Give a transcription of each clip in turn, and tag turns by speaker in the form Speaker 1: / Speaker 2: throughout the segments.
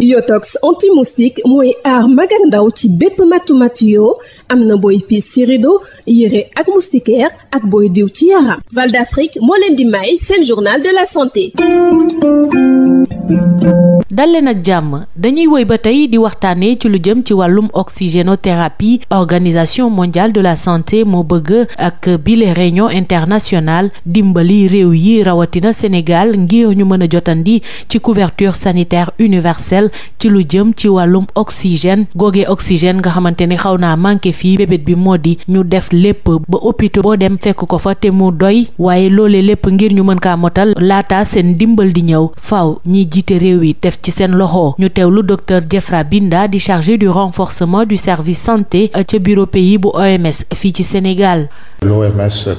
Speaker 1: yotox anti-moustique mooy aar mag ci bépp mattu matu yoo am na booy piis ci rido yére ak moustiquaire ak booy diw ci yaram Val d'Afrique moo leen di may seen journal de la santé
Speaker 2: dalee nag jàmm dañuy wooy ba tey di waxtaanee ci lu jëm ci wàllum oxygénothérapie organisation mondiale de la santé moo bëgg ak bile réunion internationale dimbali réew yi rawatina Sénégal ngir ñu mën a jotandi ci couverture couverture sanitaire universelle ci lu jëm ci wàllum oxygène googee oxygène nga xamante ni xaw naa manqué fii bébét bi moo di ñu def lépp ba hôpital bo dem fekk ko fa te mu doy waaye loole lépp ngir ñu mën kaa motal laata seen dimbal di ñëw faw ñi jiite réew yi def ci seen loxo ñu teew lu docteur Diefra Binda di chargé du renforcement du service santé ca bureau pays bu OMS fii ci Sénégal.
Speaker 3: L'OMS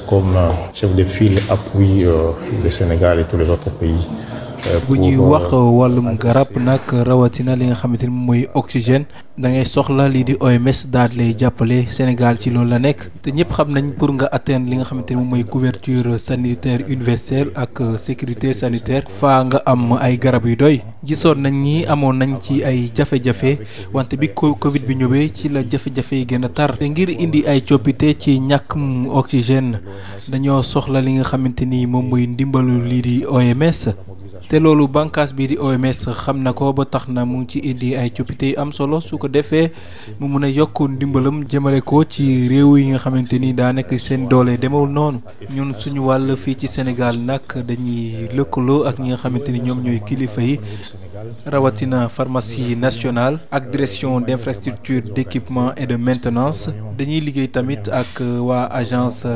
Speaker 3: comme chef de file appuie euh, le Sénégal et tous les pays. Euh, bu ñuy wax euh, euh,
Speaker 4: wàllum garab nag rawatina li nga xamante ni mooy oxygène da ngay soxla lii di OMS daal jàppale Sénégal ci loolu la nekk te ñëpp xam nañ pour nga atteindre li nga xamante ni mooy couverture sanitaire universelle ak sécurité sanitaire fa nga am ay garab yu doy gisoon nañ ni amoon nañ ci ay jafe-jafe wante bi Covid bi ñëwee ci la jafe-jafe yi gën a tar te ngir indi ay coppite ci ñàkkum oxygène dañoo soxla li nga xamante ni moom muy ndimbalu lii di OMS. te loolu banqaas bii di OMS xam na ko ba tax na mu ci indi ay coppite yu am solo su ko defee mu mun a yokk ndimbalam jëmale ko ci réew yi nga xamante ni daa nekk seen doole demewul noonu ñun suñu wàll fii ci Sénégal nag dañuy lëkkaloo ak ñi nga xamante ni ñoom ñooy kilifa yi. rawatina pharmacie euh, nationale euh, ak direction euh, d'infrastructure d'équipement et de maintenance dañuy liggéey tamit ak waa agence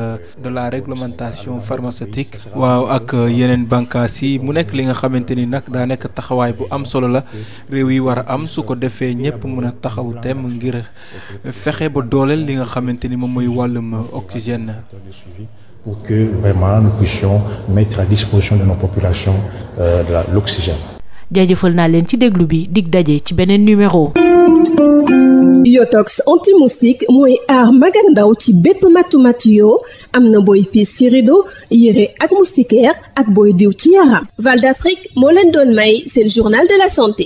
Speaker 4: de la réglementation pharmaceutique waaw ak yeneen bànqaas yi mu nekk li nga xamante ni nag daa nekk taxawaay bu am solo la réew yi war a am su ko defee ñëpp mën a taxaw tem ngir fexe ba dooleel li nga xamante ni moom mooy wàllum oxygène.
Speaker 3: pour que vraiment nous puissions mettre à disposition de nos populations euh, l'oxygène.
Speaker 2: jaajëfal naa leen ci déglu bi dig daje ci beneen numéro. yotox
Speaker 1: anti-moustique mooy aar mag ak ndaw ci bépp matu-matu yoo am na booy piis ci rido yére ak moustiquaire ak booy diw ci yaram. Val d'Afrique moo leen doon may seen journal de la santé.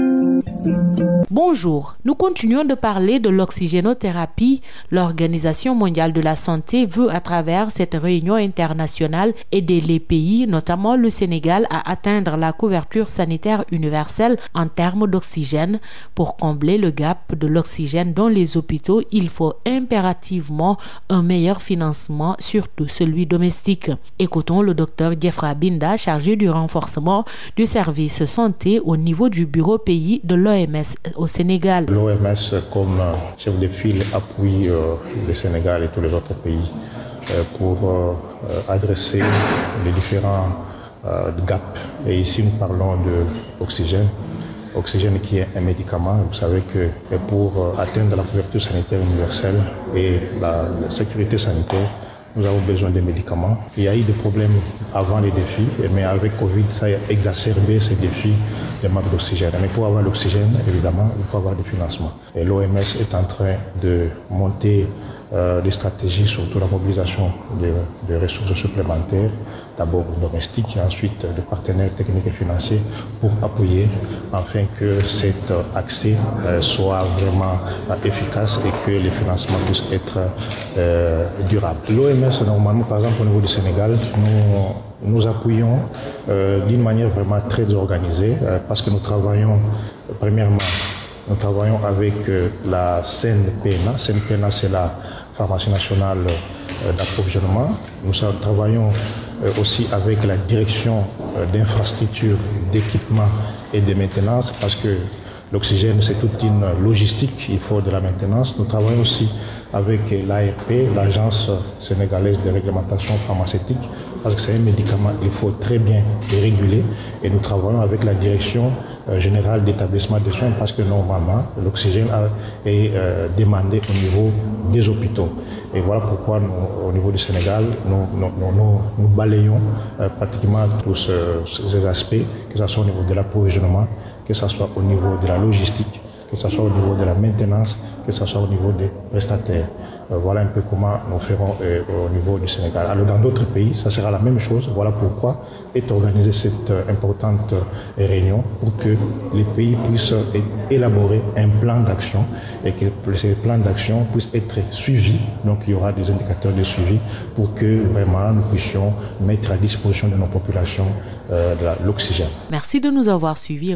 Speaker 2: Bonjour, nous continuons de parler de l'oxygénothérapie. L'Organisation mondiale de la santé veut à travers cette réunion internationale aider les pays, notamment le Sénégal, à atteindre la couverture sanitaire universelle en termes d'oxygène. Pour combler le gap de l'oxygène dans les hôpitaux, il faut impérativement un meilleur financement, surtout celui domestique. Écoutons le docteur Diefra Binda, chargé du renforcement du service santé au niveau du bureau pays au Sénégal.
Speaker 3: L'OMS, comme euh, chef de file, appuie euh, le Sénégal et tous les autres pays euh, pour euh, euh, adresser les différents gaps. Et ici, nous parlons d'oxygène. Oxygène qui est un médicament, vous savez que pour atteindre la couverture sanitaire universelle et la, la sécurité sanitaire, Nous avons besoin de médicaments. Il y a eu des problèmes avant les défis, mais avec Covid, ça a exacerbé ces défis de manque d'oxygène. Mais pour avoir l'oxygène, évidemment, il faut avoir du financement. Et l'OMS est en train de monter des euh, stratégies, surtout la mobilisation des, des ressources supplémentaires, d'abord domestiques et ensuite de partenaires techniques et financiers pour appuyer afin que cet euh, accès euh, soit vraiment efficace et que les financements puissent être euh, L'OMS, normalement, par exemple, au niveau du Sénégal, nous appuyons d'une manière très organisée parce que nous travaillons premièrement nous travaillons avec euh, la CNPNA. CNPNA, c'est la pharmacie nationale euh, d'approvisionnement. Nous travaillons euh, aussi avec la direction euh, d'infrastructures, d'équipements et de maintenance parce que l'oxygène, c'est toute une logistique, il faut de la maintenance. Nous travaillons aussi avec l'ARP, l'Agence sénégalaise de réglementation pharmaceutique, parce que c'est un médicament, il faut très bien réguler et nous travaillons avec la direction euh, générale d'établissement de soins parce que normalement l'oxygène est euh, demandé au niveau des hôpitaux. Et voilà pourquoi au niveau du Sénégal, nous, balayons euh, pratiquement tous ces aspects, que ce soit au niveau de l'approvisionnement, que ce soit au niveau de la logistique, que ce soit au niveau de la maintenance, que ce soit au niveau des prestataires. Euh, voilà un peu comment nous ferons euh, au niveau du Sénégal. dans d'autres pays, ça sera la même chose. Voilà pourquoi est organisée cette euh, importante euh, réunion pour que les pays puissent élaborer un plan d'action et que ce plan d'action puisse être suivi. il y aura des indicateurs de suivi pour que vraiment nous puissions mettre à disposition de euh, l'oxygène.
Speaker 2: Merci de nous avoir suivis.